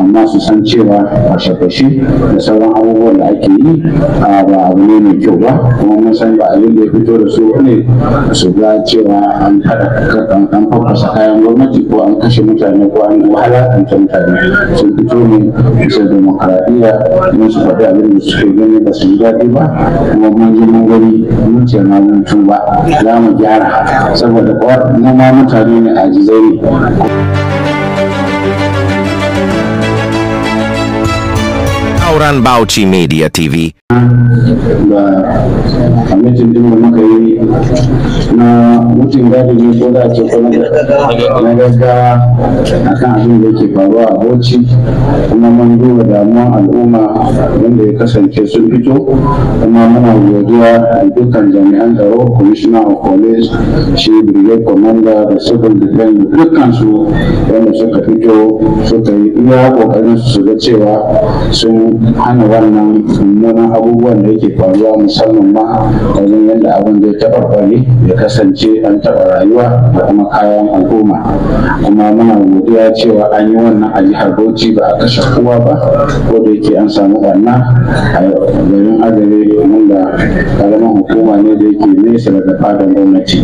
amma su san cewa kashe shakashi da sauran abubuwan da ake yi ba abu ne mai kyau ba kuma mun san ba abin da ya fito da su ne su ga cewa an kada an fafasa kayan gwamnati ko an kashe mutane ko an wahala ta mutane sun fito ne bisa demokaradiyya mun su faɗi abin da suke gani ba su yi daɗi ba kuma mun ji mun gani mun ce na mun ba za mu gyara saboda mu ma mutane ne a jizai ne. Nauran Bauchi Media TV. na mutum gadi ne ko za a ce kuma na gaggawa a kan abin da yake faruwa a bauchi kuma mun duba damuwan al'umma wanda ya kasance sun fito kuma muna godiya da dukkan jami'an tsaro commissioner of police shi brigade commander da civil defense dukkan su wanda suka fito suka yi iya kokarin su ga cewa sun hana wannan mummunan abubuwan da yake faruwa musamman ma wajen yadda abin zai taɓarɓare ya kasance an taɓa rayuwa da kuma kayan al'umma kuma muna godiya cewa an yi wannan a jihar bauchi ba a kashe kowa ba ko da yake an samu barna a garin azare da karamin hukuma ne da yake nesa daga fadar gwamnati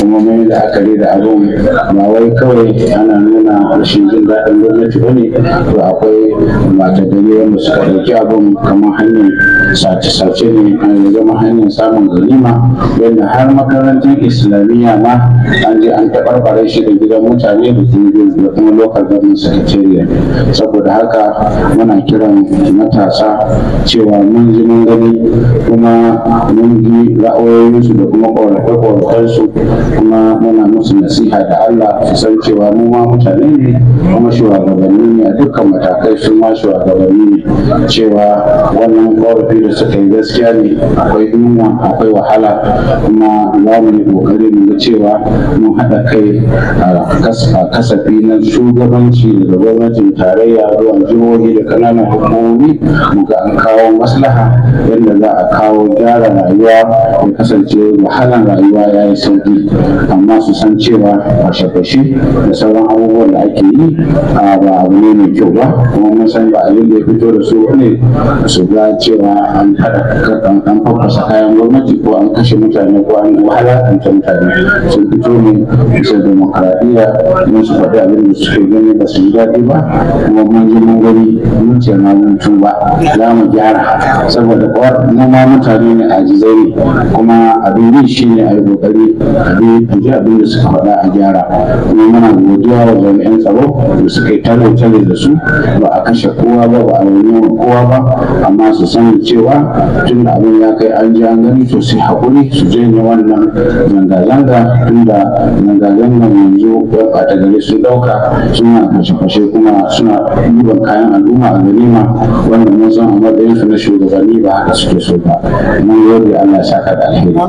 kuma mun yi la'akari da abun ba wai kawai ana nuna rashin jin daɗin gwamnati ba ne to akwai mata wanda suka ɗauki abin kamar hanyar sace-sace ne an zama hanyar samun galima wanda har makarantar islamiyya ma an je an tabarbare shi da gidan mutane da kuma da kuma local government saboda haka muna kiran matasa cewa mun ji mun gani kuma mun ji ra'ayoyinsu da kuma ƙorafe-ƙorafensu kuma muna musu nasiha da Allah su san cewa mu ma mutane ne kuma shugabanni ne a dukkan matakai sun ma shugabanni ne cewa wannan ƙorafi da suka yi gaskiya ne akwai yunwa akwai wahala kuma za mu yi kokari mu ga cewa mun haɗa kai a kasafi na shugabanci da gwamnatin tarayya zuwa jihohi da ƙananan hukumomi mu ga an kawo maslaha yadda za a kawo gyara rayuwa ya kasance wahalan rayuwa ya yi sauki amma su san cewa a shafashi da sauran abubuwan da ake yi ba abu ne mai kyau ba kuma mun san ba abin da ya fito da su ne su ga cewa an an fafasa kayan gwamnati ko an kashe mutane ko an wahalakanta mutane sun fito ne bisa demokaradiyya mun su faɗi abin da suke gani ba su yi daɗi ba kuma mun ji mun gani mun ce ma mun tuba za mu gyara saboda mu ma mutane ne a jizai kuma abin yi shi ne a yi kokari a ji abin da suka faɗa a gyara kuma muna godiya wa jami'an tsaro da suka yi tare-tare da su ba a kashe kowa ba ba a yi kowa ba amma su sani cewa tun da abin ya kai an ji an gani to sai hakuri su janye wannan zanga-zanga tun da zanga yanzu ya ɓata gari sun ɗauka suna fashe-fashe kuma suna ɗiban kayan al'umma a ganima wanda mun san a matsayin su na shugabanni ba haka suke so ba mun gode Allah ya saka da alheri